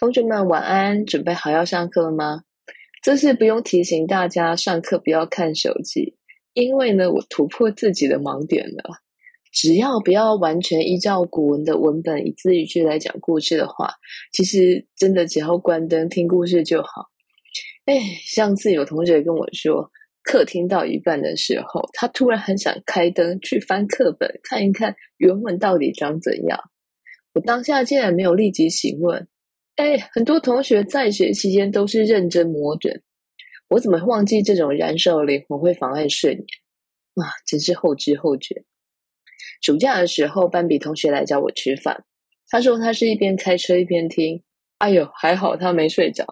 同學們晚安，準備好要上課了嗎？這次不用提醒大家上課不要看手機，因為呢，我突破自己的盲點了。只要不要完全依照古文的文本一字一句來講故事的話，其實真的只要關燈聽故事就好。哎，上次有同學跟我說，課聽到一半的時候，他突然很想開燈去翻課本看一看原文到底長怎樣。我當下竟然沒有立即詢問。哎，很多同學在學期間都是認真魔人，我怎麼忘記這種燃燒靈魂會妨礙睡眠？啊，真是後知後覺。暑假的時候，班比同學來叫我吃飯，他說他是一邊開車一邊聽。哎呦，還好他沒睡着。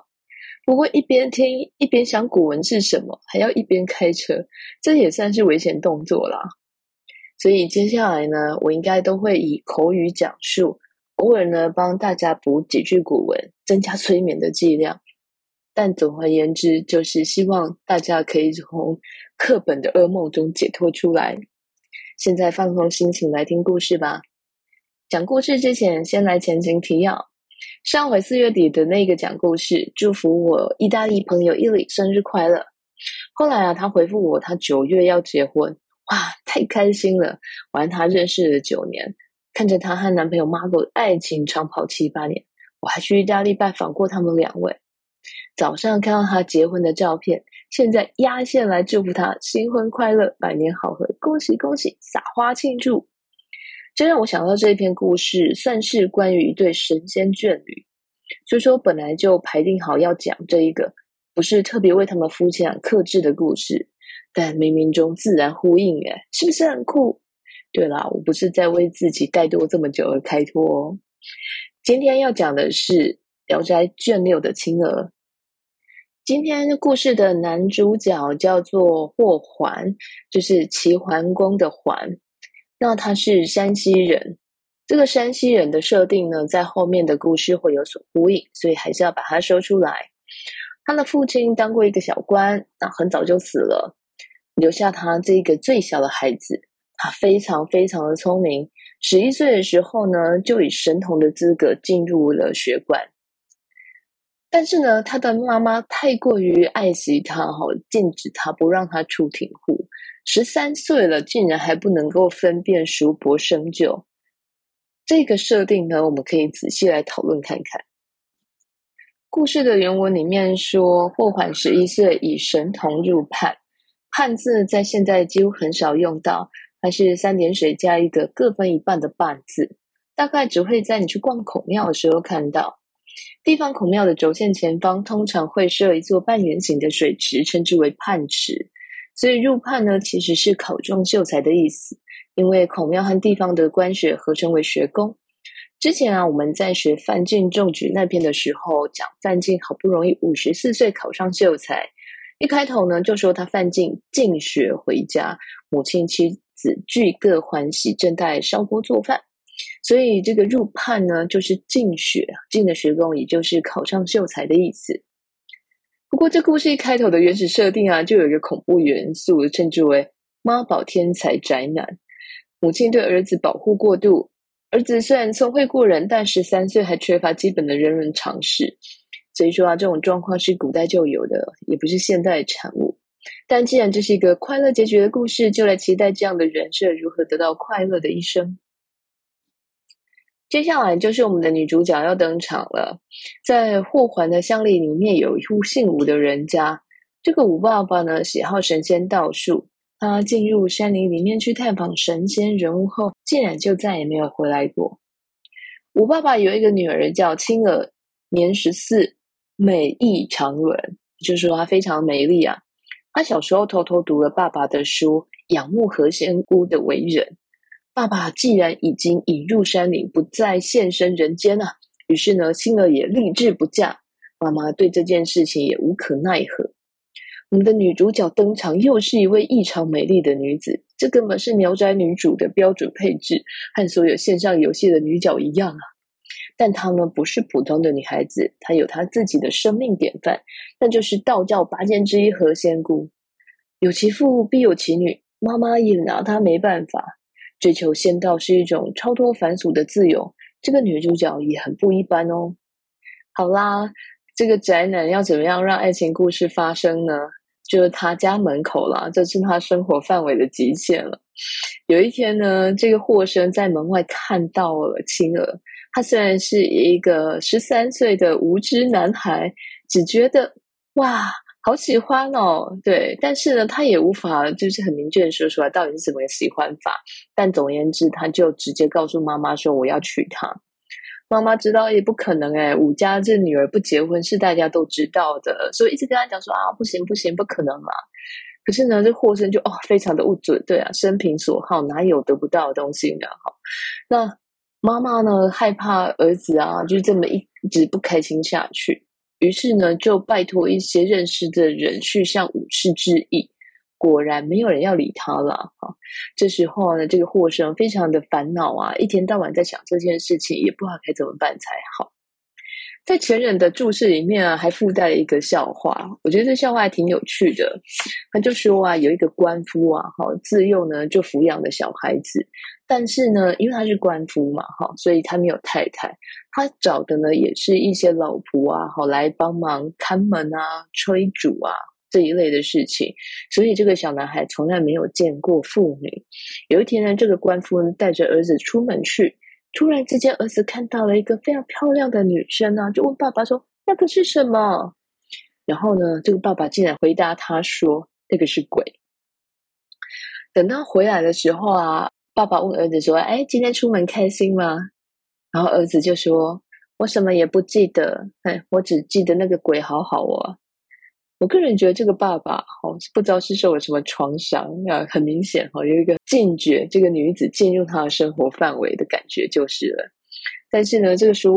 不過一邊聽一邊想古文是什麼，還要一邊開車，這也算是危險動作啦。所以接下來呢，我應該都會以口語講述。偶爾呢，幫大家補幾句古文，增加催眠的劑量。但總而言之，就是希望大家可以從課本的噩夢中解脫出來。現在放鬆心情來聽故事吧。講故事之前，先來前情提要。上回四月底的那個講故事，祝福我意大利朋友伊利生日快樂。後來啊，他回復我，他九月要結婚，哇，太開心了，我和他認識了九年。看着她和男朋友 Marco 的愛情長跑七八年，我還去意大利拜訪過他們兩位。早上看到她結婚的照片，現在壓線來祝福她新婚快樂、百年好合，恭喜恭喜，撒花慶祝！這讓我想到這一篇故事，算是關於一對神仙眷侶。所以說，本來就排定好要講這一個，不是特別為他們夫妻倆克制的故事，但冥冥中自然呼應，哎，是不是很酷？對啦，我不是在為自己怠惰這麼久而開脫哦。今天要講的是《聊齋》卷六的《青娥》。今天故事的男主角叫做霍桓，就是齊桓公的桓。那他是山西人。這個山西人的設定呢，在後面的故事會有所呼應，所以還是要把它說出來。他的父親當過一個小官，那很早就死了，留下他這個最小的孩子。啊，他非常非常的聰明。十一歲的時候呢，就以神童的資格進入了學館。但是呢，他的媽媽太過於愛惜他，禁止他不讓他出庭戶。十三歲了，竟然還不能夠分辨叔伯甥舅。這個設定呢，我們可以仔細來討論看看。故事的原文裡面說，霍桓十一歲以神童入泮。泮字在現在幾乎很少用到。還是三點水加一個各分一半的半字，大概只會在你去逛孔廟的時候看到。地方孔廟的軸線前方通常會設一座半圓形的水池，稱之為泮池。所以入泮呢，其實是考中秀才的意思，因為孔廟和地方的官學合稱為學宮。之前啊，我們在學范進中舉那篇的時候，講范進好不容易五十四歲考上秀才，一開頭呢就說他范進進學回家，母親妻。子俱各歡喜，正在燒鍋做飯。所以這個入泮呢，就是進學，進的學宮，也就是考上秀才的意思。不過，這故事一開頭的原始設定啊，就有一個恐怖元素，稱之為媽寶天才宅男。母親對兒子保護過度，兒子雖然聰慧過人，但十三歲還缺乏基本的人倫常識。所以說啊，這種狀況是古代就有的，也不是現代產物。但既然這是一個快樂結局的故事，就來期待這樣的人設如何得到快樂的一生。接下來就是我們的女主角要登場了。在霍桓的鄉里裡面有一戶姓武的人家，這個武爸爸呢，喜好神仙道術，他進入山林裡面去探訪神仙人物後，竟然就再也沒有回來過。武爸爸有一個女兒叫青娥，年十四，美異常倫，就是說她非常美麗啊。他小時候偷偷讀了爸爸的書，仰慕何仙姑的為人。爸爸既然已經隱入山林，不再現身人間了，啊，於是呢，心兒也立志不嫁。媽媽對這件事情也無可奈何。我們的女主角登場，又是一位異常美麗的女子，這根本是《聊齋》女主的標準配置，和所有線上遊戲的女角一樣啊。但她呢，不是普通的女孩子，她有她自己的生命典範，那就是道教八仙之一何仙姑。有其父必有其女，媽媽也拿她沒辦法。追求仙道是一種超脫凡俗的自由，這個女主角也很不一般哦。好啦，這個宅男要怎麼樣讓愛情故事發生呢？就是他家門口了，這是他生活範圍的極限了。有一天呢，這個霍生在門外看到了青娥。他雖然是一個十三歲的無知男孩，只覺得哇，好喜歡哦，對。但是呢，他也無法就是很明確的說出來到底是什麼的喜歡法。但總而言之，他就直接告訴媽媽說：“我要娶她。”媽媽知道也不可能哎，武家這女兒不結婚是大家都知道的，所以一直跟他講說：“啊，不行不行，不可能嘛。”可是呢，這霍生就，勝就哦，非常的物准，對啊，生平所好哪有得不到的東西呢？好，那。媽媽呢，害怕兒子啊，就這麼一直不開心下去。於是呢，就拜托一些認識的人去向武士致意。果然，沒有人要理他了。這時候呢，這個霍生非常的煩惱啊，一天到晚在想這件事情，也不知道該怎麼辦才好。在前人的注釋裡面啊，還附帶了一個笑話，我覺得這笑話還挺有趣的。他就說啊，有一個鰥夫啊，哈，自幼呢就撫養的小孩子，但是呢，因為他是鰥夫嘛，哈，所以他沒有太太，他找的呢也是一些老僕啊，哈，來幫忙看門啊、炊煮啊這一類的事情，所以這個小男孩從來沒有見過婦女。有一天呢，這個鰥夫帶着兒子出門去。突然之間，兒子看到了一個非常漂亮的女生啊，就問爸爸說：“那個是什麼？”然後呢，這個爸爸竟然回答他說：“那個是鬼。”等到回來的時候啊，爸爸問兒子說：“哎，今天出門開心嗎？”然後兒子就說：“我什麼也不記得，哎，我只記得那個鬼好好哦。”我個人覺得這個爸爸，哈、哦，不知道是受了什麼創傷啊，很明顯，哈、哦，有一個禁絕這個女子進入他的生活範圍的感覺就是了。但是呢，這個書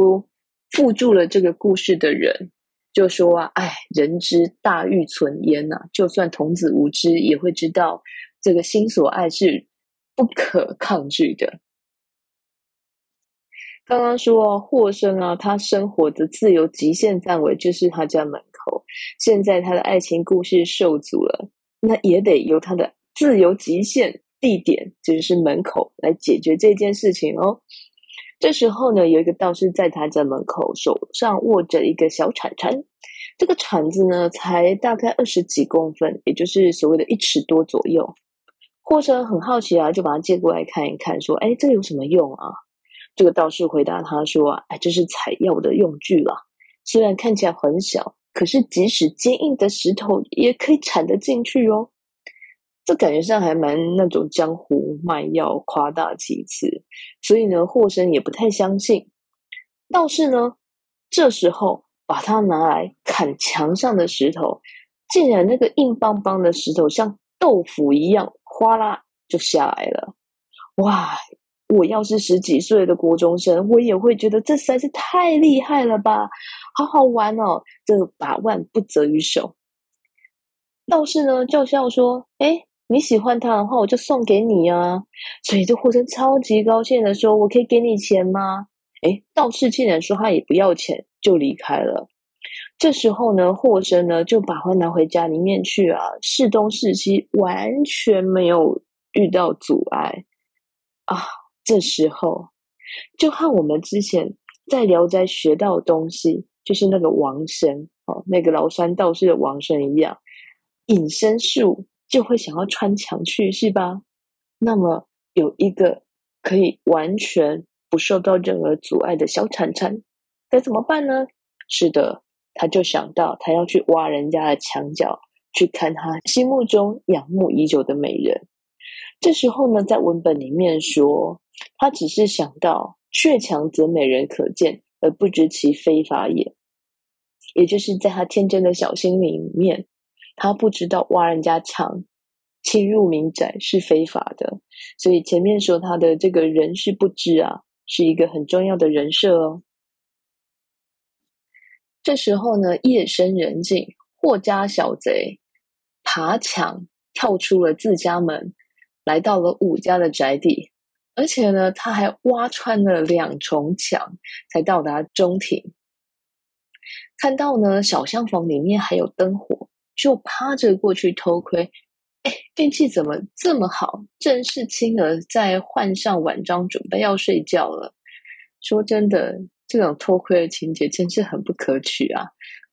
附註了這個故事的人就說啊，哎，人之大欲存焉吶、啊，就算童子無知，也會知道這個心所愛是不可抗拒的。剛剛說啊，霍生啊，他生活的自由極限範圍就是他家門。現在他的愛情故事受阻了，那也得由他的自由極限地點，就是門口來解決這件事情哦。這時候呢，有一個道士在他家門口，手上握着一個小鏟鏟，這個鏟子呢，才大概二十幾公分，也就是所謂的一尺多左右。或者很好奇啊，就把它借過來看一看，說：“哎，這有什麼用啊？”這個道士回答他說：“哎，這是採藥的用具了，雖然看起來很小。”可是，即使堅硬的石頭也可以鏟得進去哦。這感覺上還蠻那種江湖賣藥誇大其詞，所以呢，霍生也不太相信。倒是呢，這時候把它拿來砍牆上的石頭，竟然那個硬邦邦的石頭像豆腐一樣，嘩啦就下來了。哇！我要是十幾歲的國中生，我也會覺得這實在是太厲害了吧。好好玩哦，這個把玩不擇於手。道士呢，就笑說，哎、欸，你喜歡他的話，我就送給你啊。所以這霍生超級高興的說：“我可以給你錢嗎？”哎、欸，道士竟然說他也不要錢，就離開了。這時候呢，霍生呢就把花拿回家裡面去啊，事東事西，完全沒有遇到阻礙啊。這時候，就看我們之前在聊齋學到的東西。就是那個王生，哦，那個嶗山道士的王生一樣，隱身術就會想要穿牆去，是吧？那麼有一個可以完全不受到任何阻礙的小鏟鏟，該怎麼辦呢？是的，他就想到他要去挖人家的牆角，去看他心目中仰慕已久的美人。這時候呢，在文本裡面說，他只是想到，穴牆則美人可見，而不知其非法也，也就是在他天真的小心裡面，他不知道挖人家牆、侵入民宅是非法的。所以前面說他的這個人是不知啊，是一個很重要的人設哦。這時候呢，夜深人靜，霍家小賊爬牆跳出了自家門，來到了武家的宅邸。而且呢，他還挖穿了兩重牆才到達中庭，看到呢小廂房裡面還有燈火，就趴着過去偷窺。哎，運氣怎麼這麼好？正是青娥在換上晚裝，準備要睡覺了。說真的，這種偷窺的情節真是很不可取啊。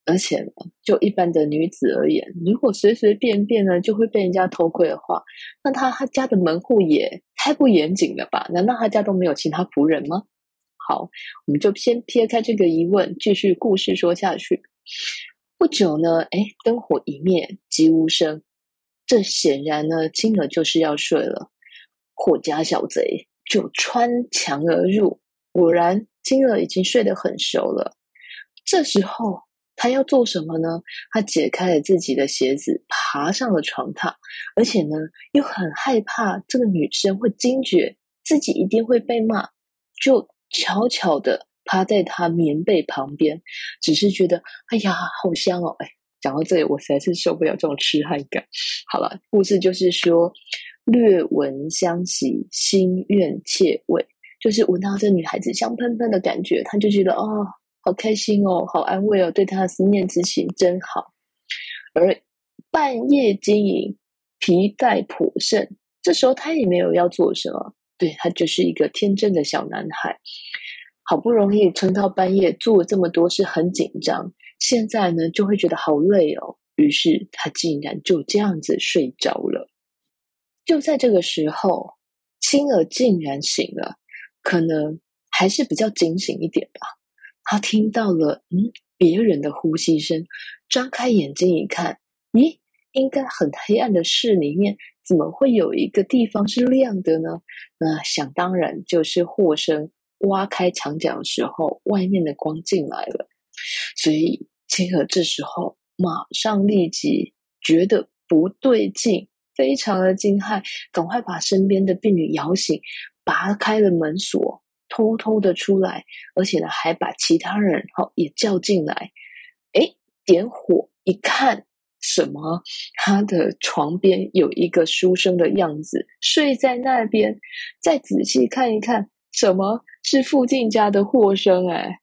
而且呢，就一般的女子而言，如果隨隨便便呢就會被人家偷窺的話，那他他家的門戶也太不嚴謹了吧？難道他家都沒有其他僕人嗎？好，我們就先撇開這個疑問，繼續故事說下去。不久呢，誒，燈火一滅，寂無聲，這顯然呢，金兒就是要睡了。霍家小賊就穿牆而入，果然金兒已經睡得很熟了。這時候。他要做什麼呢？他解開了自己的鞋子，爬上了床榻，而且呢，又很害怕這個女生會驚覺，自己一定會被罵，就悄悄的趴在她棉被旁邊，只是覺得，哎呀，好香哦！哎，講到這裡，我實在是受不了這種痴漢感。好了，故事就是說，略聞香息，心願竊慰，就是聞到這女孩子香噴噴的感覺，他就覺得，哦。好開心哦，好安慰哦，對他的思念之情真好。而半夜經營，疲憊頗甚，這時候他也沒有要做什麼，對，他就是一個天真的小男孩。好不容易撐到半夜，做了這麼多事，很緊張，現在呢，就會覺得好累哦。於是他竟然就這樣子睡着了。就在這個時候，青娥竟然醒了，可能還是比較警醒一點吧。他聽到了，嗯，別人的呼吸聲。張開眼睛一看，咦，應該很黑暗的室裡面，怎麼會有一個地方是亮的呢？那想當然就是霍生挖開牆角的時候，外面的光進來了。所以青娥這時候馬上立即覺得不對勁，非常的驚駭，趕快把身邊的婢女搖醒，拔開了門鎖，偷偷的出來，而且呢，還把其他人哦，也叫進來。誒，點火一看，什麼？他的床邊有一個書生的樣子，睡在那邊。再仔細看一看，什麼是附近家的霍生？哎，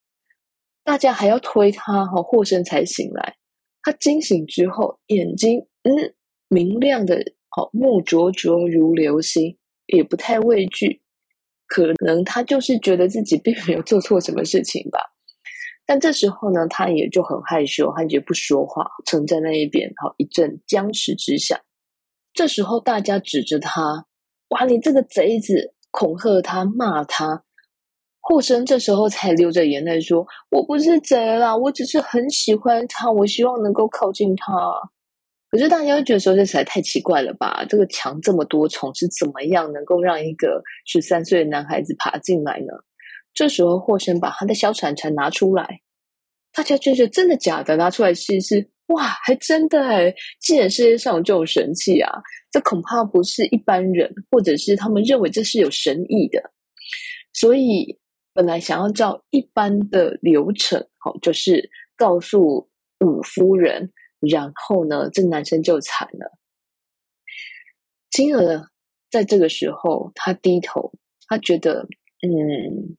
大家還要推他，哦，霍生才醒來。他驚醒之後，眼睛，嗯，明亮的，哦，目灼灼如流星，也不太畏懼。可能他就是覺得自己並沒有做錯什麼事情吧，但這時候呢，他也就很害羞，他也不說話，站在那一邊，然後一陣僵持之下，這時候大家指着他，哇，你這個賊子，恐嚇他，罵他，霍生這時候才流着眼淚說，我不是賊啦，我只是很喜歡他，我希望能夠靠近他。可是大家會覺得說這實在太奇怪了吧？這個牆這麼多重，是怎麼樣能夠讓一個十三歲的男孩子爬進來呢？這時候霍生把他的小鏟鏟拿出來，大家覺得真的假的？拿出來試試，哇，還真的哎、欸！既然世界上就有神器啊，這恐怕不是一般人，或者是他們認為這是有神意的。所以本來想要照一般的流程，好，就是告訴五夫人。然後呢，這男生就慘了，青娥在這個時候，他低頭，他覺得，嗯，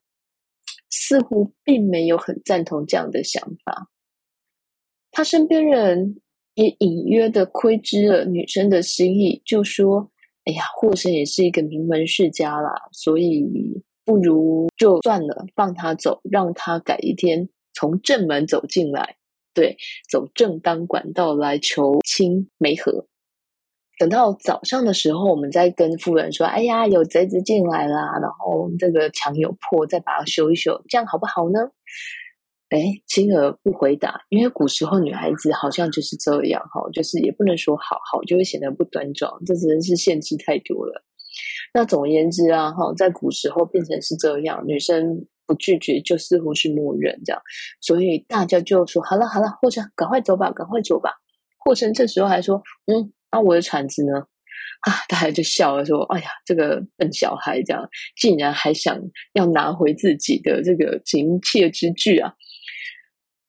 似乎並沒有很贊同這樣的想法。他身邊人也隱約的窺知了女生的心意，就說：“哎呀，霍生也是一個名門世家啦，所以不如就算了，放他走，讓他改一天從正門走進來。”對，走正當管道來求親媒合。等到早上的時候，我們再跟夫人說：“哎呀，有賊子進來啦，然後這個牆有破，再把它修一修，這樣好不好呢？”誒、哎、青娥不回答，因為古時候女孩子好像就是這樣哈，就是也不能說好好，就會顯得不端莊，這真是限制太多了。那總而言之啊哈，在古時候變成是這樣，女生。不拒絕就似乎是默認這樣，所以大家就說好了好了，霍生趕快走吧，趕快走吧。霍生這時候還說，嗯，啊，我的鏟子呢？啊，大家就笑了說，哎呀，這個笨小孩，這樣竟然還想要拿回自己的這個情切之具啊！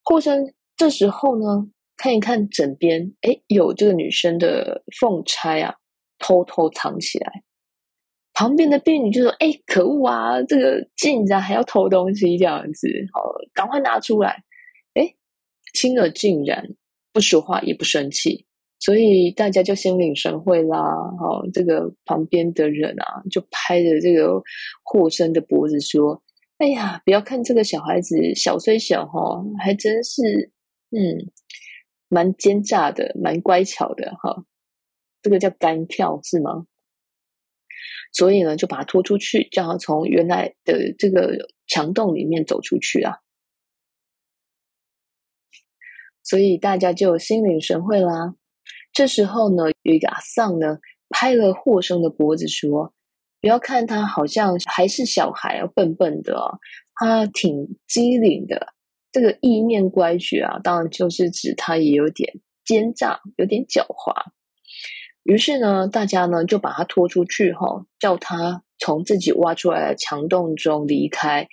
霍生這時候呢，看一看枕邊，哎，有這個女生的鳳釵啊，偷偷藏起來。旁邊的婢女就說：“哎、欸，可惡啊！這個竟然、啊、還要偷東西這樣子，好，趕快拿出來。欸”哎，青娥竟然不說話也不生氣，所以大家就心領神會啦。好，這個旁邊的人啊，就拍着這個霍生的脖子說：“哎呀，不要看這個小孩子小雖小，哈，還真是嗯，蠻奸詐的，蠻乖巧的。哈，這個叫乾票是嗎？”所以呢，就把他拖出去，叫他從原來的這個牆洞裡面走出去啊。所以大家就心領神會啦。這時候呢，有一個阿桑呢，拍了霍生的脖子說：“不要看他好像還是小孩啊，笨笨的哦，他挺機靈的。這個意念乖覺啊，當然就是指他也有點奸詐，有點狡猾。”於是呢，大家呢就把他拖出去，齁，叫他從自己挖出來的牆洞中離開。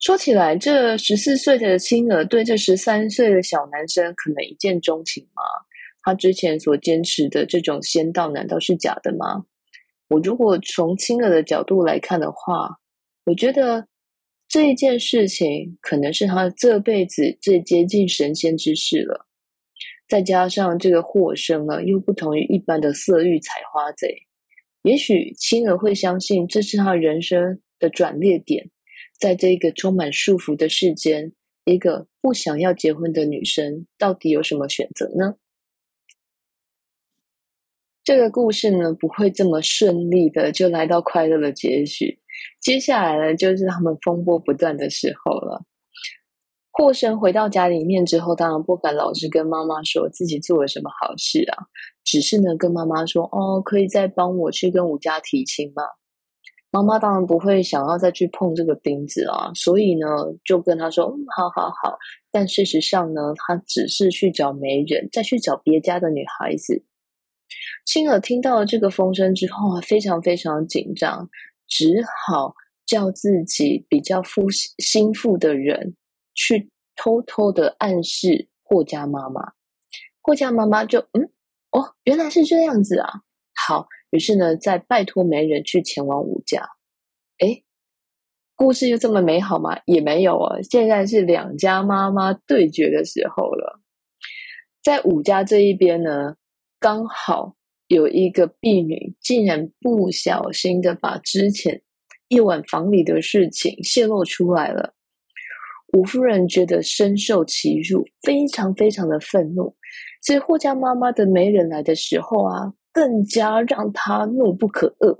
說起來，這十四歲的青娥對這十三歲的小男生可能一見鍾情嗎？他之前所堅持的這種仙道，難道是假的嗎？我如果從青娥的角度來看的話，我覺得這一件事情可能是他這輩子最接近神仙之事了。再加上這個霍生呢，又不同於一般的色欲採花賊，也許青兒，會相信這是他人生的轉捩點。在這個充滿束縛的世間，一個不想要結婚的女生，到底有什麼選擇呢？這個故事呢，不會這麼順利的就來到快樂的結局。接下來呢，就是他們風波不斷的時候了。霍生回到家裡面之後，當然不敢老是跟媽媽說自己做了什麼好事啊，只是呢跟媽媽說哦，可以再幫我去跟武家提親嗎？媽媽當然不會想要再去碰這個釘子啊，所以呢就跟他說好好好，但事實上呢，他只是去找媒人，再去找別家的女孩子。青娥聽到了這個風聲之後，非常非常緊張，只好叫自己比較腹心腹的人，去偷偷的暗示霍家媽媽，霍家媽媽就嗯，哦，原來是這樣子啊，好，於是呢再拜託媒人去前往武家，哎，故事又這麼美好嗎？也沒有啊，哦，現在是兩家媽媽對決的時候了，在武家這一邊呢，剛好有一個婢女竟然不小心的把之前夜晚房裡的事情洩露出來了。武夫人覺得深受其辱，非常非常的憤怒。所以霍家媽媽的媒人來的時候啊，更加讓她怒不可遏。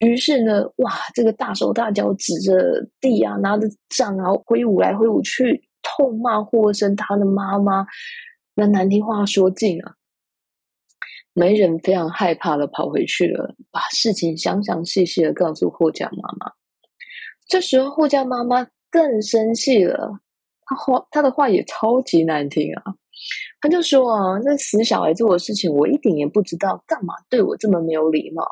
於是呢，哇，這個大手大腳指着地啊，拿着杖啊揮舞來揮舞去，痛罵霍生他的媽媽。那難聽話說盡啊，媒人非常害怕的跑回去了，把事情詳詳細細的告訴霍家媽媽。這時候霍家媽媽。更生氣了，他話他的話也超級難聽啊！他就說啊，那死小孩做的事情，我一點也不知道，幹嘛對我這麼沒有禮貌？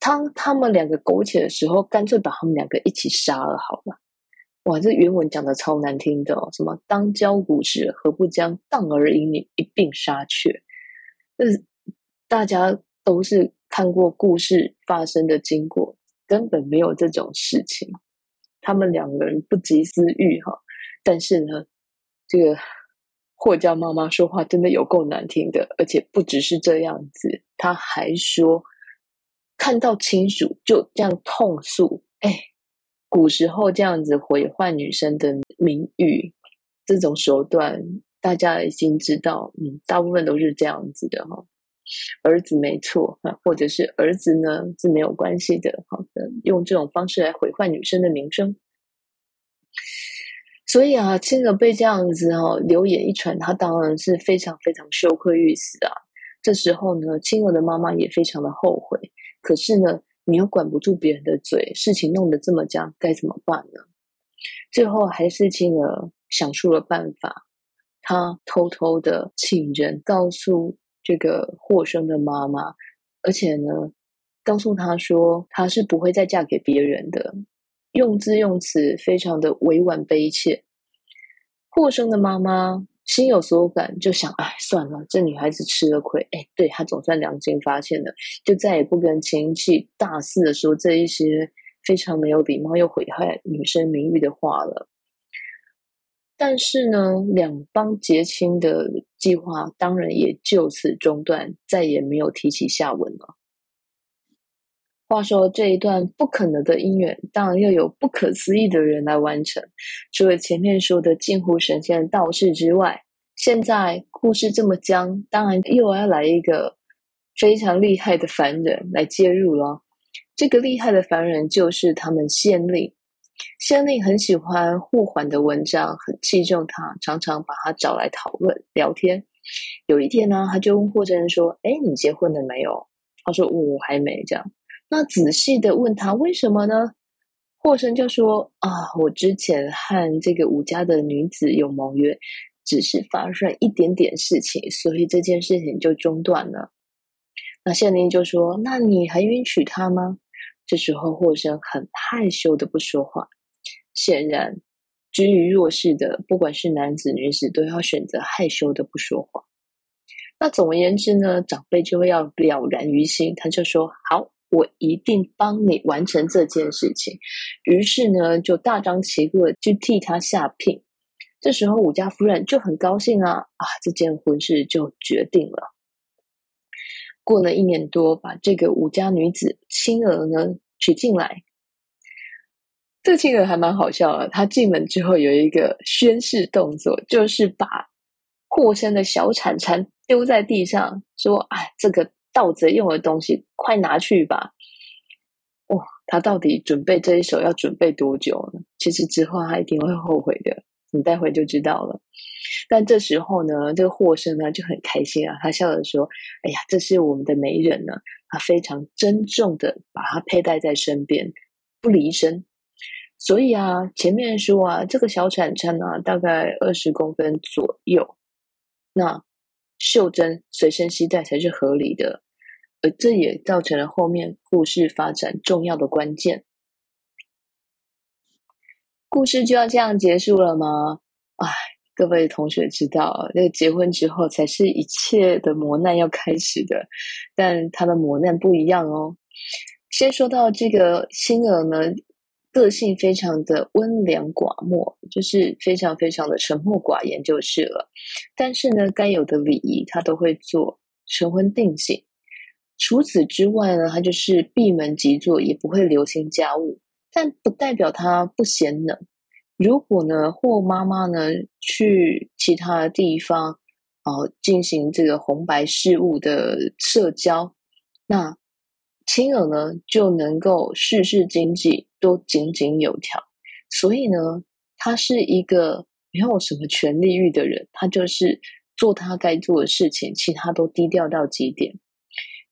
當他，他們兩個苟且的時候，乾脆把他們兩個一起殺了，好嗎？哇，這原文講的超難聽的哦，什麼當交股時，何不將蕩兒淫女一併殺卻？大家都是看過故事發生的經過，根本沒有這種事情。他們兩個人不及私欲哈，但是呢，這個霍家媽媽說話真的有夠難聽的，而且不只是這樣子，她還說看到親屬就這樣痛訴，誒，古時候這樣子毀壞女生的名譽，這種手段，大家已經知道，嗯，大部分都是這樣子的哈。兒子沒錯或者是兒子呢是沒有關係的，好的，用這種方式來毀壞女生的名聲。所以啊，青娥被這樣子哦流言一傳，她當然是非常非常羞愧欲死啊。這時候呢，青娥的媽媽也非常的後悔。可是呢，你又管不住別人的嘴，事情弄得這麼僵，該怎麼辦呢？最後還是青娥想出了辦法，她偷偷的請人告訴。這個霍生的媽媽，而且呢，告訴他說，他是不會再嫁給別人的。用字用詞非常的委婉悲切。霍生的媽媽心有所感，就想：哎，算了，這女孩子吃了虧，哎，對，她總算良心發現了，就再也不跟親戚大肆的說這一些非常沒有禮貌又毀害女生名譽的話了。但是呢，兩方結親的。計劃當然也就此中斷，再也沒有提起下文了。話說這一段不可能的姻緣，當然要有不可思議的人來完成，除了前面說的近乎神仙的道士之外，現在故事這麼僵，當然又要來一個非常厲害的凡人來介入了。這個厲害的凡人就是他們縣令。縣令很喜歡霍桓的文章，很器重他，常常把他找來討論聊天。有一天呢，他就問霍生人說：“哎，你結婚了沒有？”他說：“嗯，我還沒。”這樣，那仔細的問他為什麼呢？霍生就說：“啊，我之前和這個吳家的女子有盟約，只是發生一點點事情，所以這件事情就中斷了。”那縣令就說：“那你還願娶她嗎？”這時候，霍生很害羞的不說話。顯然，居於弱勢的，不管是男子女子，都要選擇害羞的不說話。那總而言之呢，長輩就會要了然於心，他就說：“好，我一定幫你完成這件事情。”於是呢，就大張旗鼓的去替他下聘。這時候，武家夫人就很高興啊！啊，這件婚事就決定了。過了一年多，把這個武家女子青娥呢娶進來。這個青娥還蠻好笑的，她進門之後有一個宣誓動作，就是把霍生的小鏟鏟丟在地上，說：“哎，這個盜賊用的東西，快拿去吧。”哦，哇，他到底準備這一手要準備多久呢？其實之後他一定會後悔的，你待會就知道了。但這時候呢，這個霍生呢就很開心啊，他笑着說：“哎呀，這是我們的媒人呢、啊，他非常珍重的把它佩戴在身邊，不離身。所以啊，前面說啊，這個小鏟鏟呢，大概二十公分左右，那袖珍隨身攜帶才是合理的，而這也造成了後面故事發展重要的關鍵。故事就要這樣結束了嗎？哎。”各位同學知道，那、這個結婚之後才是一切的磨難要開始的，但他的磨難不一樣哦。先說到這個星兒呢，個性非常的溫良寡默，就是非常非常的沉默寡言就是了。但是呢，該有的禮儀他都會做，晨昏定省。除此之外呢，他就是閉門即坐，也不會留心家務，但不代表他不賢能。如果呢，霍媽媽呢去其他地方，哦、啊，進行這個紅白事務的社交，那青娥呢就能夠世事經濟都井井有條。所以呢，他是一個沒有什麼權力慾的人，他就是做他該做的事情，其他都低調到極點。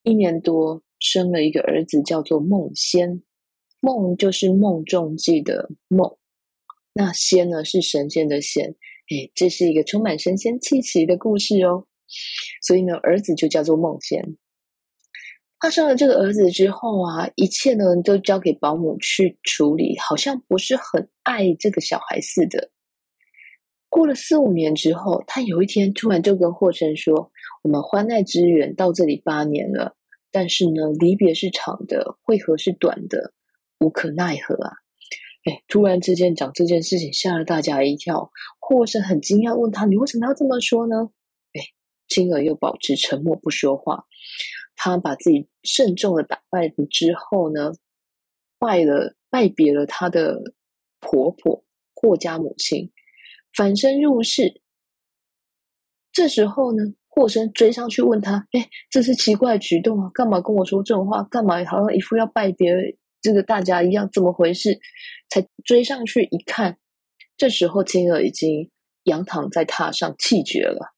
一年多生了一個兒子，叫做孟仙，孟就是孟仲季的孟。那仙呢是神仙的仙，誒、哎、這是一個充滿神仙氣息的故事哦。所以呢，兒子就叫做孟仙。他生了這個兒子之後啊，一切呢都交給保姆去處理，好像不是很愛這個小孩似的。過了四五年之後，他有一天突然就跟霍生說：“我們歡愛之緣到這裡八年了，但是呢，離別是長的，會合是短的，無可奈何啊。”哎，突然之間講這件事情，嚇了大家一跳。霍生很驚訝，問他：“你為什麼要這麼說呢？”哎，青娥又保持沉默不說話。他把自己慎重的打扮之後呢，拜了拜別了他的婆婆霍家母親，返身入室。這時候呢，霍生追上去問他：“哎，這是奇怪的舉動啊，幹嘛跟我說這種話？幹嘛好像一副要拜別？”這個大家一樣，怎麼回事？才追上去一看，這時候青娥已經仰躺在榻上，氣絕了。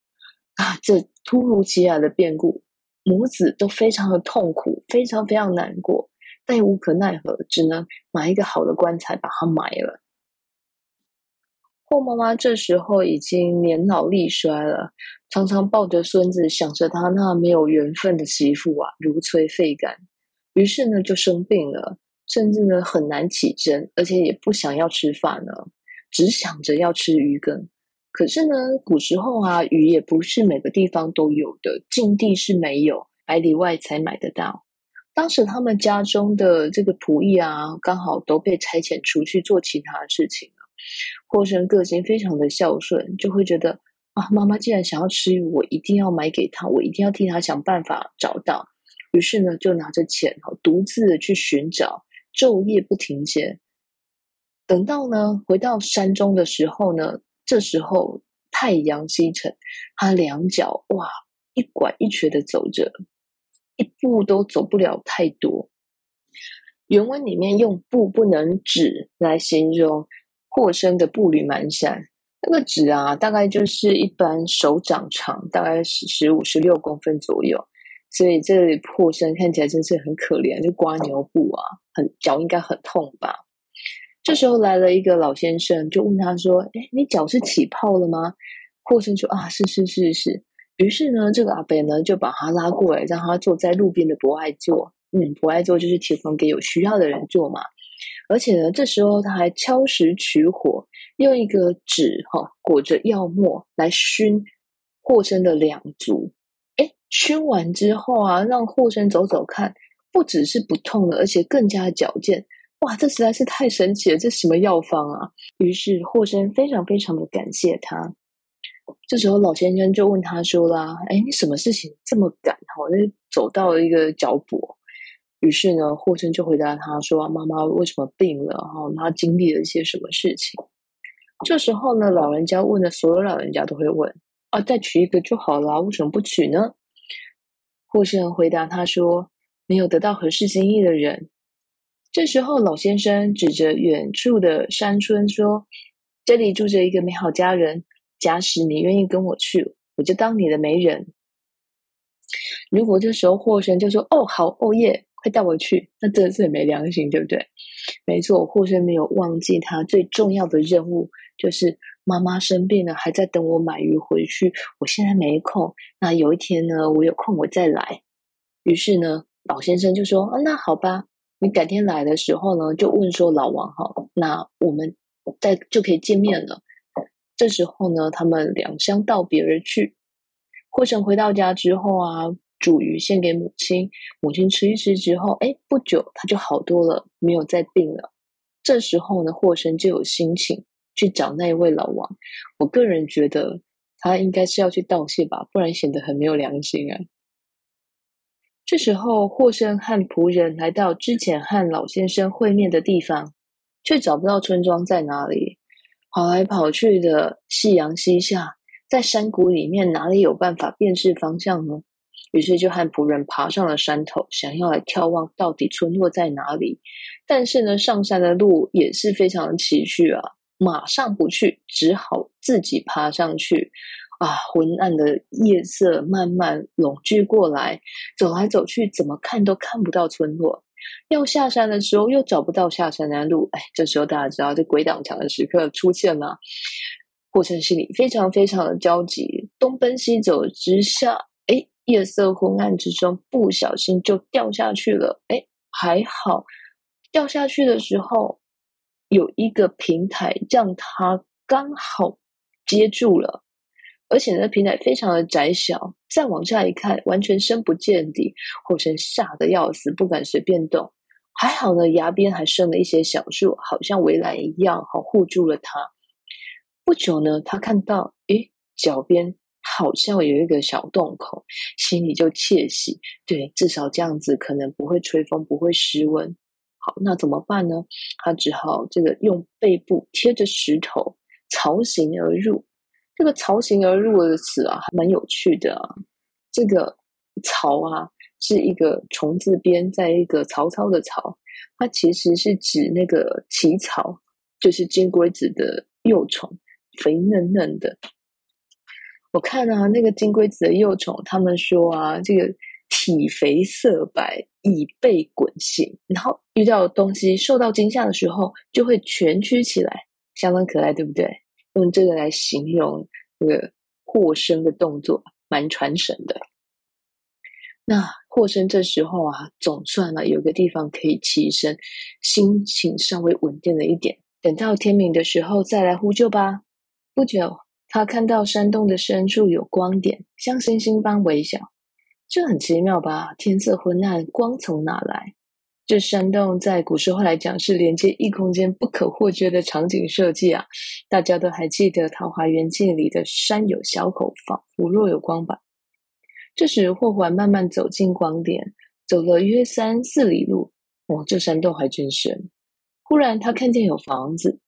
啊，這突如其來的變故，母子都非常的痛苦，非常非常難過，但也無可奈何，只能買一個好的棺材把她埋了。霍媽媽這時候已經年老力衰了，常常抱着孫子，想着他那沒有緣分的媳婦啊，如摧肺肝，於是呢就生病了。甚至呢很難起身，而且也不想要吃飯呢，只想着要吃魚羹。可是呢，古時候啊，魚也不是每個地方都有的，境地是沒有，百里外才買得到。當時他們家中的這個僕役啊，剛好都被差遣出去做其他事情了。霍生個性非常的孝順，就會覺得啊，媽媽既然想要吃魚，我一定要買給他，我一定要替他想辦法找到。於是呢，就拿着錢獨自去尋找。晝夜不停歇，等到呢回到山中的時候呢，這時候太陽西沉，他兩腳哇一拐一瘸的走着，一步都走不了太多。原文裡面用“步不能咫”來形容霍生的步履蹣跚。那個“咫”啊，大概就是一般手掌長,長，大概是十五十六公分左右。所以這裡霍生看起來真是很可憐，就刮牛布啊，很腳應該很痛吧。這時候來了一個老先生，就問他說：“誒，你腳是起泡了嗎？”霍生說：“啊，是是是是。是是。”於是呢，這個阿伯呢就把他拉過來，讓他坐在路邊的博愛座。嗯，博愛座就是提供給有需要的人坐嘛。而且呢，這時候他還敲石取火，用一個紙哈、哦、裹着藥末來熏霍生的兩足。熏完之後啊，讓霍生走走看，不只是不痛了，而且更加的矯健。哇，這實在是太神奇了！這什麼藥方啊？於是霍生非常非常的感謝他。這時候老先生就問他說啦：“哎，你什麼事情這麼趕？哈，走到了一個腳步。”於是呢，霍生就回答他說：“媽媽為什麼病了？哈，她經歷了一些什麼事情？”這時候呢，老人家問了所有老人家都會問：“啊，再娶一個就好啦，為什麼不娶呢？”霍生回答他說：“沒有得到合適心意的人。”這時候老先生指着遠處的山村說：“這裡住着一個美好家人，假使你願意跟我去，我就當你的媒人。”如果這時候霍生就說：“哦，好，哦耶，快帶我去！”那真的是沒良心，對不對？沒錯，霍生沒有忘記他最重要的任務就是。媽媽生病了，還在等我買魚回去。我現在沒空，那有一天呢，我有空我再來。於是呢，老先生就說：“啊，那好吧，你改天來的時候呢，就問說老王好，那我們再就可以見面了。”這時候呢，他們兩相道別而去。霍生回到家之後啊，煮魚獻給母親，母親吃一吃之後，哎，不久他就好多了，沒有再病了。這時候呢，霍生就有心情。去找那一位老王，我個人覺得他應該是要去道謝吧，不然顯得很沒有良心啊。這時候，霍生和僕人來到之前和老先生會面的地方，卻找不到村莊在哪裡。跑來跑去的，夕陽西下，在山谷裡面哪裡有辦法辨識方向呢？於是就和僕人爬上了山頭，想要來眺望到底村落在哪裡。但是呢，上山的路也是非常的崎嶇啊。馬上不去，只好自己爬上去。啊，昏暗的夜色慢慢攏聚過來，走來走去，怎麼看都看不到村落。要下山的時候，又找不到下山的路。哎，這時候大家知道這鬼擋牆的時刻出現了、啊。霍桓心裡非常非常的焦急，東奔西走之下，哎，夜色昏暗之中，不小心就掉下去了。哎，還好，掉下去的時候。有一個平台讓他剛好接住了，而且呢，平台非常的窄小。再往下一看，完全深不見底，霍生嚇得要死，不敢隨便動。還好呢，崖邊還剩了一些小樹，好像圍欄一樣，好護住了他。不久呢，他看到，誒，腳邊好像有一個小洞口，心裡就竊喜，對，至少這樣子可能不會吹風，不會失溫。好，那怎麼辦呢？他只好這個用背部貼着石頭，螬行而入。這個“螬行而入”的詞啊，還蠻有趣的啊。這個“螬”啊，是一個蟲字邊，再一個曹操的“曹”，它其實是指那個蠐螬，就是金龜子的幼蟲，肥嫩嫩的。我看啊，那個金龜子的幼蟲，他們說啊，這個。體肥色白，以背滾行，然後遇到東西受到驚嚇的時候，就會蜷曲起來，相當可愛，對不對？用這個來形容那個霍生的動作，蠻傳神的。那霍生這時候啊，總算了，有個地方可以棲身，心情稍微穩定了一點。等到天明的時候再來呼救吧。不久，他看到山洞的深處有光點，像星星般微小。這很奇妙吧？天色昏暗，光從哪來？這山洞在古時候來講是連接異空間不可或缺的場景設計啊！大家都還記得《桃花源記》裡的“山有小口，仿佛若有光”吧？這時，霍桓慢慢走進光點，走了約三四里路。哦，這山洞還真深！忽然，他看見有房子，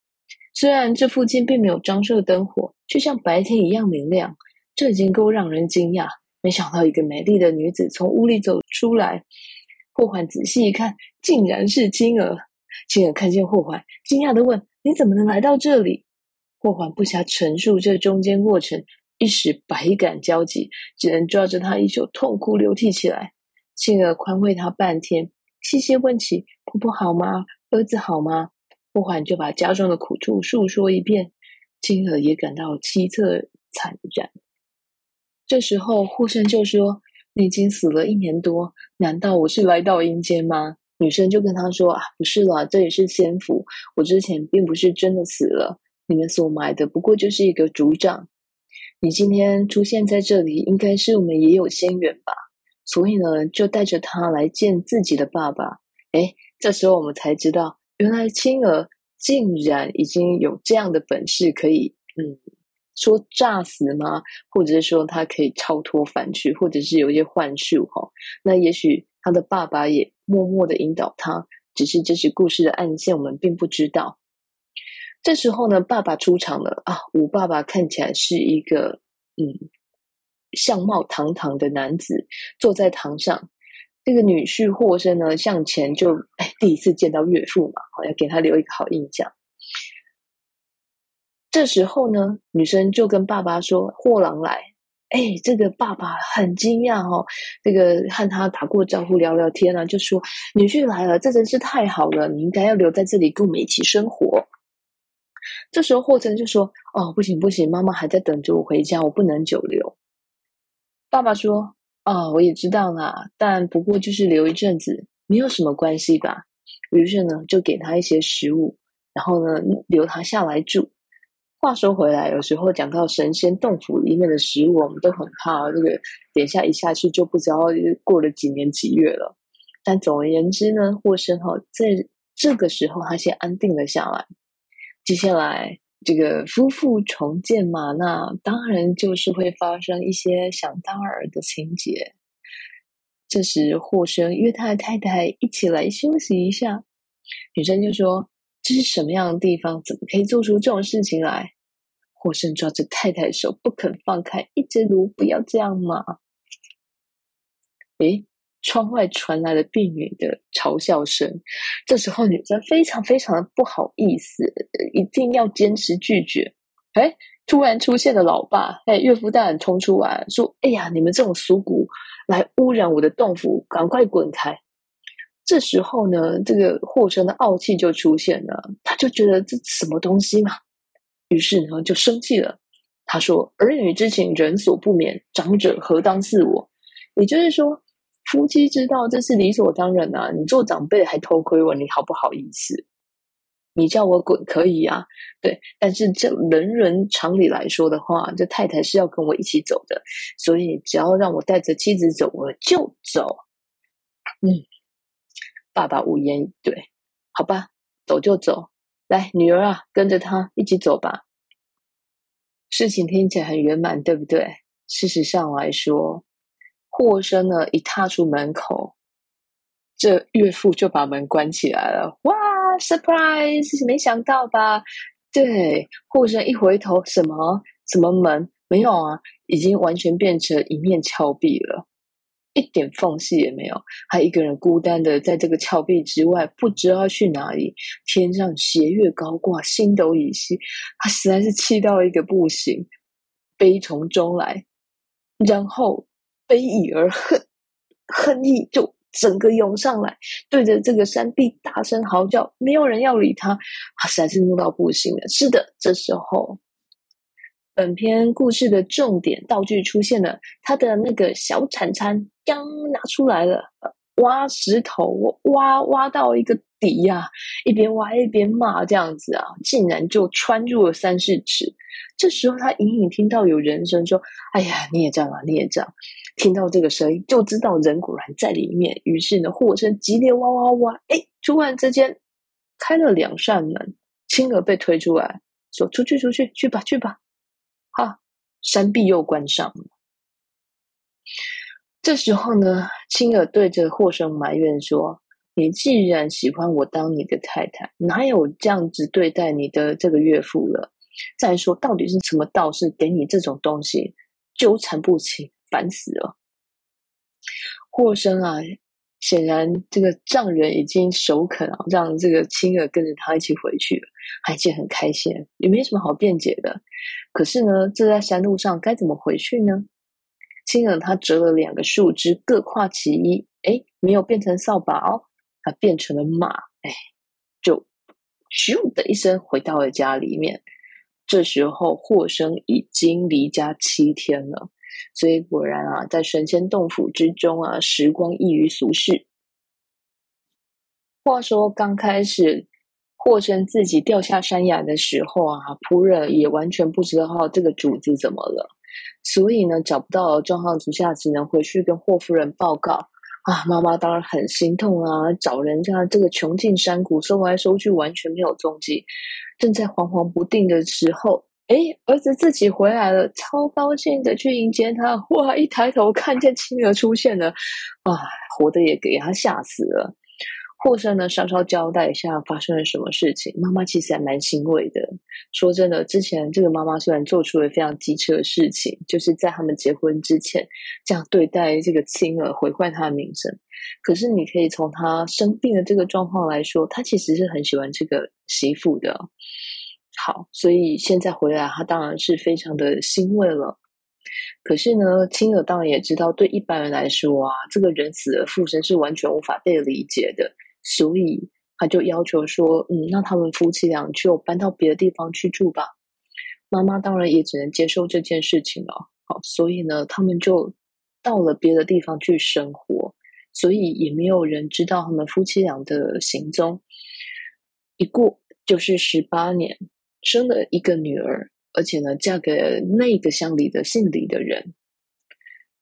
雖然這附近並沒有裝設燈火，卻像白天一樣明亮。這已經夠讓人驚訝。沒想到一個美麗的女子從屋裡走出來，霍桓仔細一看，竟然是青娥。青娥看見霍桓，驚訝的問：“你怎麼能來到這裡？”霍桓不暇陳述這中間過程，一時百感交集，只能抓着她衣袖痛哭流涕起來。青娥寬慰她半天，細細問起婆婆好嗎？兒子好嗎？霍桓就把家中的苦處訴說一遍，青娥也感到淒惻慘，慘然。這時候，霍生就說：“你已經死了一年多，難道我是來到陰間嗎？”女生就跟他說：“啊，不是了，這裡是仙府，我之前並不是真的死了，你們所埋的不過就是一個竹杖。你今天出現在這裡，應該是我們也有仙緣吧？所以呢，就帶着他來見自己的爸爸。哎，這時候我們才知道，原來青娥竟然已經有這樣的本事，可以嗯。”說詐死嗎？或者是說他可以超脫凡軀，或者是有一些幻術哈、哦？那也許他的爸爸也默默的引導他，只是這是故事的暗線，我們並不知道。這時候呢，爸爸出場了啊！我爸爸看起來是一個嗯，相貌堂堂的男子，坐在堂上。這個女婿霍生呢，向前就哎，第一次見到岳父嘛，好要給他留一個好印象。這時候呢，女生就跟爸爸說：“霍郎來。”哎，這個爸爸很驚訝哦，這個和他打過招呼、聊聊天呢、啊，就說：“女婿來了，這真是太好了！你應該要留在這裡跟我們一起生活。”這時候霍桓就說：“哦，不行不行，媽媽還在等着我回家，我不能久留。”爸爸說：“啊、哦，我也知道啦，但不過就是留一陣子，沒有什麼關係吧。”於是呢，就給他一些食物，然後呢，留他下來住。話說回來，有時候講到神仙洞府裡面的食物，我們都很怕。這個點下一下去，就不知道過了幾年幾月了。但總而言之呢，霍生哈在這個時候，他先安定了下來。接下來，這個夫婦重見嘛，那當然就是會發生一些想當然耳的情節。這時，霍生約他的太太一起來休息一下。女生就說：“這是什麼樣的地方？怎麼可以做出這種事情來？”霍生抓着太太的手不肯放開，一直奴不要這樣嘛！誒窗外傳來了婢女的嘲笑聲。這時候，女生非常非常的不好意思，一定要堅持拒絕。誒突然出現了老爸，誒岳父大喊衝出來說：“哎呀，你們這種俗骨來污染我的洞府，趕快滾開！”這時候呢，這個霍生的傲氣就出現了，他就覺得這是什麼東西嘛。於是呢，就生氣了。他說：“兒女之情，人所不免。長者何當似我？”也就是說，夫妻之道，這是理所當然啊！你做長輩還偷窺我，你好不好意思？你叫我滾可以啊，對。但是這人倫常理來說的話，這太太是要跟我一起走的，所以只要讓我帶着妻子走，我就走。嗯，爸爸無言以對。好吧，走就走。來，女兒啊，跟着他一起走吧。事情聽起來很圓滿，對不對？事實上來說，霍生呢一踏出門口，這岳父就把門關起來了。哇，surprise！沒想到吧？對，霍生一回頭，什麼什麼門？沒有啊，已經完全變成一面峭壁了。一點縫隙也沒有，他一個人孤單的在這個峭壁之外，不知道去哪裡。天上斜月高掛，星斗已稀，他、啊、實在是氣到一個不行，悲從中來，然後悲以而恨，恨意就整個湧上來，對着這個山壁大聲嚎叫，沒有人要理他，他、啊、實在是怒到不行了。是的，這時候。本篇故事的重點道具出現了，他的那個小鏟鏟剛拿出來了，挖石頭，挖挖到一個底呀、啊，一邊挖一邊罵這樣子啊，竟然就穿入了三四尺。這時候他隱隱聽到有人聲說：“哎呀，孽障啊，孽障。”聽到這個聲音就知道人果然在裡面。於是呢，霍生急烈挖挖挖，哇哇哇，哎，突然之間開了兩扇門，青娥被推出來，說：“出去，出去，去吧，去吧。”山壁又關上了。這時候呢，青娥對着霍生埋怨說：“你既然喜歡我當你的太太，哪有這樣子對待你的這個岳父了？再說，到底是什麼道士給你這種東西？糾纏不清，煩死了。”霍生啊！顯然，這個丈人已經首肯讓這個青娥跟着他一起回去了，而且很開心，也沒什麼好辯解的。可是呢，這在山路上該怎麼回去呢？青娥他折了兩個樹枝，各跨其一，哎，沒有變成掃把哦，他變成了馬，哎，就咻的一聲回到了家裡面。這時候，霍生已經離家七天了。所以果然啊，在神仙洞府之中啊，時光異於俗世。話說剛開始霍生自己掉下山崖的時候啊，僕人也完全不知道這個主子怎麼了，所以呢找不到狀況之下，只能回去跟霍夫人報告。啊，媽媽當然很心痛啊，找人家這個窮盡山谷，搜來搜去完全沒有蹤跡，正在惶惶不定的時候。哎，兒子自己回來了，超高興的去迎接他。哇，一抬頭看見青娥出現了，哇、啊，活的也給他嚇死了。霍生呢，稍稍交代一下發生了什麼事情。媽媽其實還蠻欣慰的。說真的，之前這個媽媽雖然做出了非常激切的事情，就是在他們結婚之前這樣對待這個青娥毀壞她的名聲。可是，你可以從她生病的這個狀況來說，她其實是很喜歡這個媳婦的。好，所以現在回來，他當然是非常的欣慰了。可是呢，青娥當然也知道，對一般人來說啊，這個人死而復生是完全無法被理解的，所以他就要求說：“嗯，那他們夫妻倆就搬到別的地方去住吧。”媽媽當然也只能接受這件事情了，哦。好，所以呢，他們就到了別的地方去生活，所以也沒有人知道他們夫妻倆的行蹤。一過就是十八年。生了一個女兒，而且呢，嫁給那個鄉裡的姓李的人。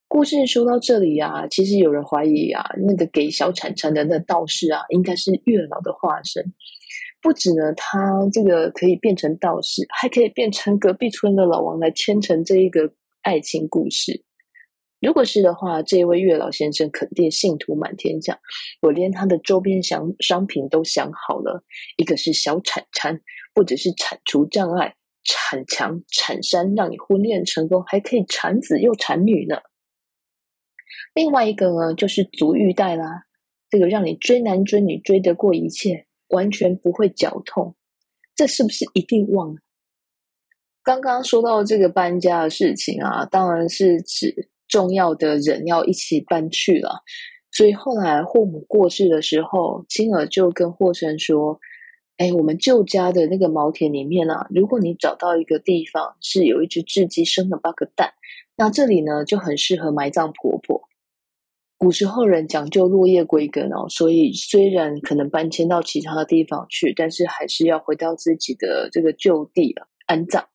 故事說到這裡呀、啊,其實有人懷疑啊，那個給小鏟鏟的那道士啊，應該是月老的化身。不止呢，他這個可以變成道士，還可以變成隔壁村的老王來牽成這一個愛情故事。如果是的話，這一位月老先生肯定信徒滿天下。我連他的周邊商品都想好了，一個是小鏟鏟。或者是鏟除障礙、鏟牆、鏟山，讓你婚戀成功，還可以鏟子又鏟女呢。另外一個呢，就是足浴袋啦，這個讓你追男追女追得過一切，完全不會腳痛。這是不是一定忘了？剛剛說到這個搬家的事情啊，當然是指重要的人要一起搬去了。所以後來霍母過世的時候，青娥就跟霍生說。哎，我們舊家的那個茅田裡面啊，如果你找到一個地方是有一隻雉雞生了八個蛋，那這裡呢就很適合埋葬婆婆。古時候人講究落葉歸根哦，所以雖然可能搬遷到其他的地方去，但是還是要回到自己的這個舊地，啊，安葬。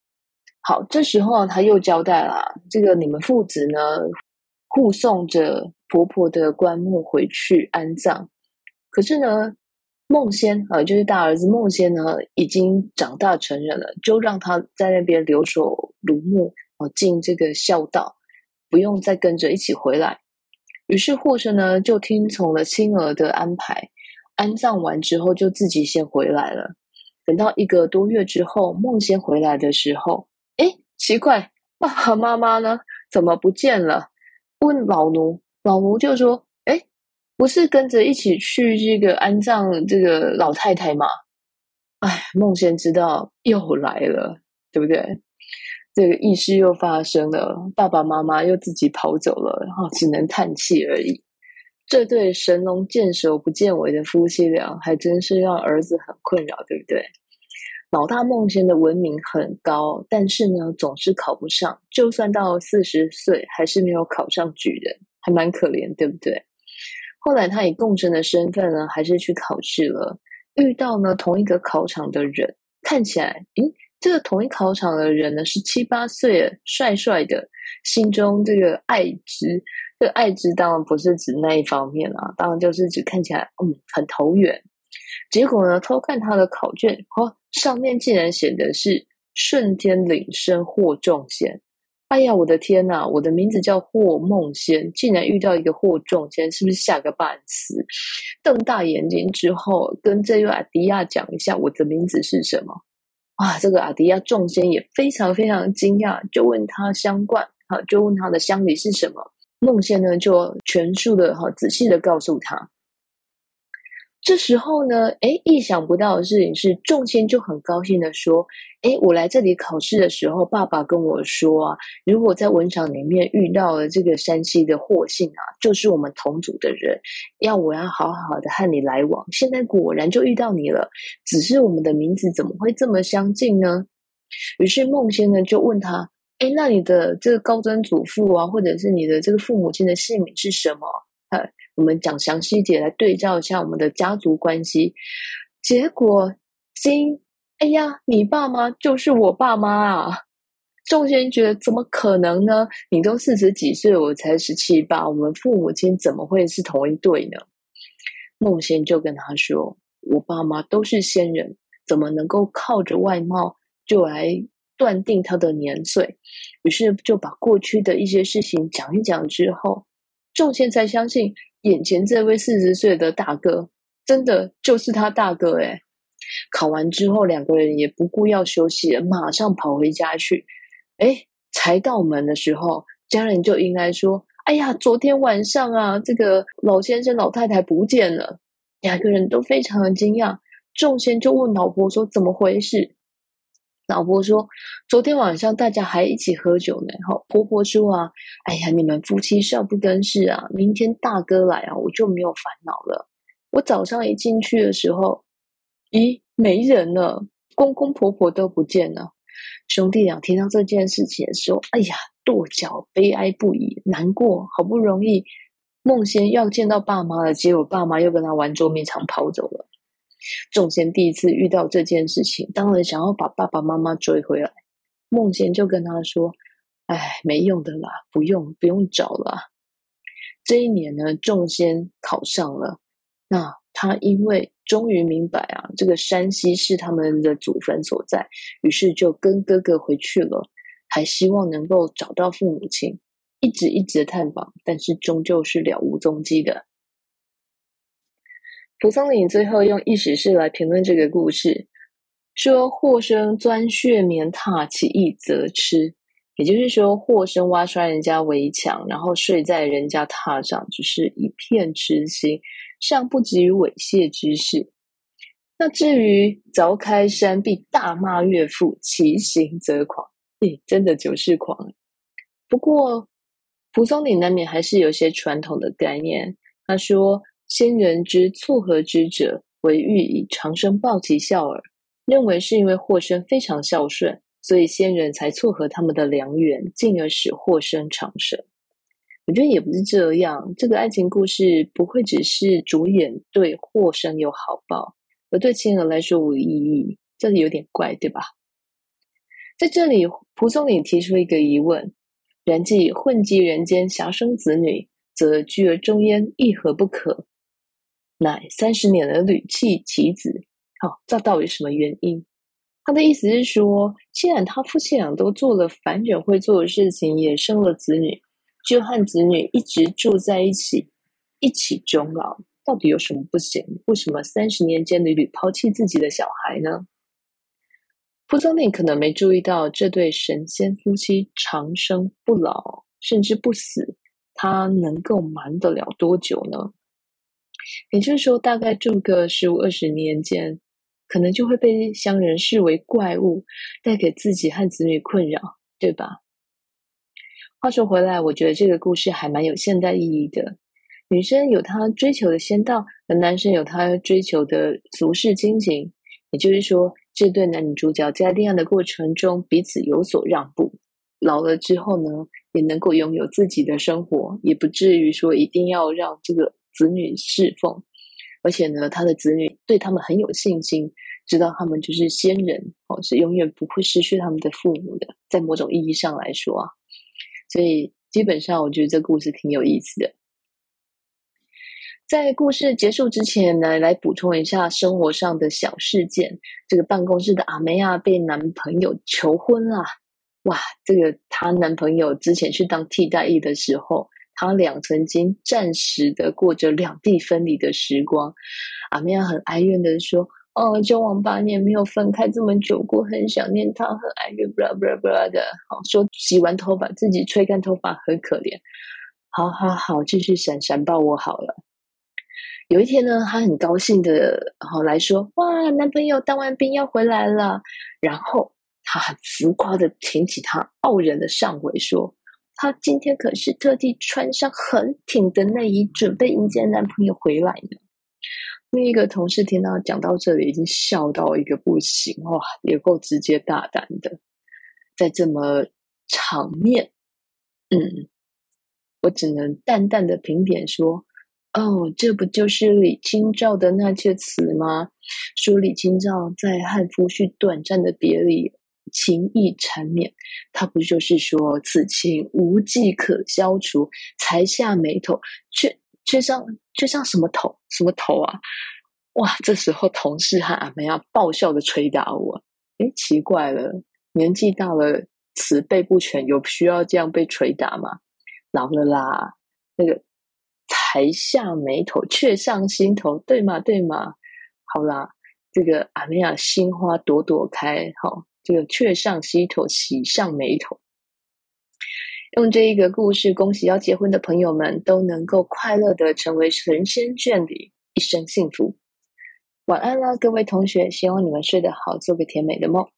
好，這時候啊，他又交代了，啊，這個你們父子呢護送着婆婆的棺木回去安葬，可是呢。孟仙啊，就是大兒子孟仙呢，已經長大成人了，就讓他在那邊留守廬墓，啊，盡這個孝道，不用再跟着一起回來。於是霍生呢，就聽從了青娥的安排，安葬完之後，就自己先回來了。等到一個多月之後，孟仙回來的時候，哎，奇怪，爸爸媽媽呢？怎麼不見了？問老奴，老奴就說。不是跟着一起去這個安葬這個老太太嗎？哎，孟仙知道又來了，對不對？這個異事又發生了，爸爸媽媽又自己跑走了，然後只能嘆氣而已。這對神龍見首不見尾的夫妻倆，還真是讓兒子很困擾，對不對？老大孟仙的文名很高，但是呢，總是考不上，就算到四十歲，還是沒有考上舉人，還蠻可憐，對不對？後來，他以共生的身份呢，還是去考試了。遇到呢同一個考場的人，看起來，咦，這個同一考場的人呢是七八歲，帥帥的，心中這個愛之，這個、愛之當然不是指那一方面啦、啊，當然就是指看起來，嗯，很投緣。結果呢，偷看他的考卷，呵、哦，上面竟然寫的是“順天領身霍仲仙”。哎呀，我的天吶！我的名字叫霍孟仙，竟然遇到一個霍仲仙，是不是嚇個半死？瞪大眼睛之後，跟這位阿迪亞講一下我的名字是什麼？哇、啊，這個阿迪亞仲仙也非常非常驚訝，就問他相冠、啊，就問他的鄉里是什麼？孟仙呢，就全數的哈、啊，仔細的告訴他。這時候呢，哎，意想不到的事情是，仲仙就很高興的說：“哎，我來這裡考試的時候，爸爸跟我說啊，如果在文場裡面遇到了這個山西的霍姓啊，就是我們同族的人，要我要好好的和你來往。現在果然就遇到你了，只是我們的名字怎麼會這麼相近呢？”於是孟仙呢就問他：“哎，那你的這個高曾祖父啊，或者是你的這個父母親的姓名是什麼？”我們講詳細一點，來對照一下我們的家族關係。結果，今哎呀，你爸媽就是我爸媽啊！仲仙覺得怎麼可能呢？你都四十幾歲，我才十七八，我們父母親怎麼會是同一對呢？孟仙就跟他說：“我爸媽都是仙人，怎麼能夠靠着外貌就來斷定他的年歲？”於是就把過去的一些事情講一講之後，仲仙才相信。眼前這位四十歲的大哥，真的就是他大哥誒、欸。考完之後，兩個人也不顧要休息了，馬上跑回家去。哎，才到門的時候，家人就應該說：“哎呀，昨天晚上啊，這個老先生老太太不見了。”兩個人都非常的驚訝，仲仙就問老婆說：“怎麼回事？”老婆說：“昨天晚上大家還一起喝酒呢。”哈，婆婆說：“啊，哎呀，你們夫妻少不更事啊！明天大哥來啊，我就沒有煩惱了。”我早上一進去的時候，咦，沒人了，公公婆婆都不見了。兄弟倆聽到這件事情的時候，哎呀，跺腳，悲哀不已，難過。好不容易孟仙要見到爸媽了，結果爸媽又跟他玩捉迷藏跑走了。仲仙第一次遇到這件事情，當然想要把爸爸媽媽追回來。孟仙就跟他說：“哎，沒用的啦，不用，不用找了。”這一年呢，仲仙考上了。那他因為終於明白啊，這個山西是他們的祖墳所在，於是就跟哥哥回去了，還希望能夠找到父母親，一直一直探訪，但是終究是了無蹤跡的。蒲松齡最後用“異史氏”來評論這個故事，說：“霍生鑽穴眠榻，其意則痴。也就是說，霍生挖穿人家圍牆，然後睡在人家榻上，只是一片痴心，尚不及於猥褻之事。那至於鑿開山壁，大罵岳父，其行則狂。誒，真的就是狂了。不過，蒲松齡難免還是有些傳統的概念。他說。”先人之撮合之者，為欲以長生報其孝耳。認為是因為霍生非常孝順，所以仙人才撮合他們的良緣，進而使霍生長生。我覺得也不是這樣，這個愛情故事不會只是主演對霍生有好報，而對青娥來說無意義，這裡有點怪，對吧？在這裡，蒲松齡提出了一個疑問：人既混迹人間，狎生子女，則居而終焉，亦何不可？乃三十年的屢棄其子，好、哦，這到底什麼原因？他的意思是說，既然他夫妻倆都做了凡人會做的事情，也生了子女，就和子女一直住在一起，一起終老，到底有什麼不行？為什麼三十年間屢屢拋棄自己的小孩呢？蒲松齡可能沒注意到，這對神仙夫妻長生不老，甚至不死，他能夠瞞得了多久呢？也就是說，大概住個十五二十年間，可能就會被鄉人視為怪物，帶給自己和子女困擾，對吧？話說回來，我覺得這個故事還蠻有現代意義的。女生有她追求的仙道，和男生有他追求的俗世親情。也就是說，這對男女主角在戀愛的過程中彼此有所讓步，老了之後呢，也能夠擁有自己的生活，也不至於說一定要讓這個。子女侍奉，而且呢，他的子女對他們很有信心，知道他們就是先人哦，是永遠不會失去他們的父母的。在某種意義上來說啊，所以基本上我覺得這故事挺有意思的。在故事結束之前呢，來，來補充一下生活上的小事件：這個辦公室的阿梅亞被男朋友求婚啦！哇，這個她男朋友之前去當替代役的時候。他倆曾經暫時的過着兩地分離的時光，阿米婭很哀怨的說：“哦，交往八年沒有分開這麼久過，很想念他，很哀怨，布拉布拉布拉的。”好說洗完頭髮自己吹乾頭髮很可憐。好好好，繼續閃閃抱我好了。有一天呢，他很高興的然後來說：“哇，男朋友當完兵要回來了。”然後他很浮誇的挺起他傲人的上圍說。她今天可是特地穿上很挺的內衣，準備迎接男朋友回來呢。另一個同事聽到講到這裡，已經笑到一個不行哇，也夠直接大膽的，在這麼場面，嗯，我只能淡淡的評點說：“哦，這不就是李清照的那闕詞嗎？說李清照在和夫婿短暫的別離。”情意纏綿，他不就是說此情無計可消除，才下眉頭，卻卻上卻上什麼頭什麼頭啊？哇！這時候同事和阿美亞爆笑的捶打我。誒，奇怪了，年紀大了，詞背不全，有需要這樣被捶打嗎？老了啦。那個才下眉頭，卻上心頭，對嘛對嘛。好啦，這個阿美亞心花朵朵開，好。這個雀上西頭，喜上眉頭。用這一個故事，恭喜要結婚的朋友們都能夠快樂的成為神仙眷侶，一生幸福。晚安啦，各位同學，希望你們睡得好，做個甜美的夢。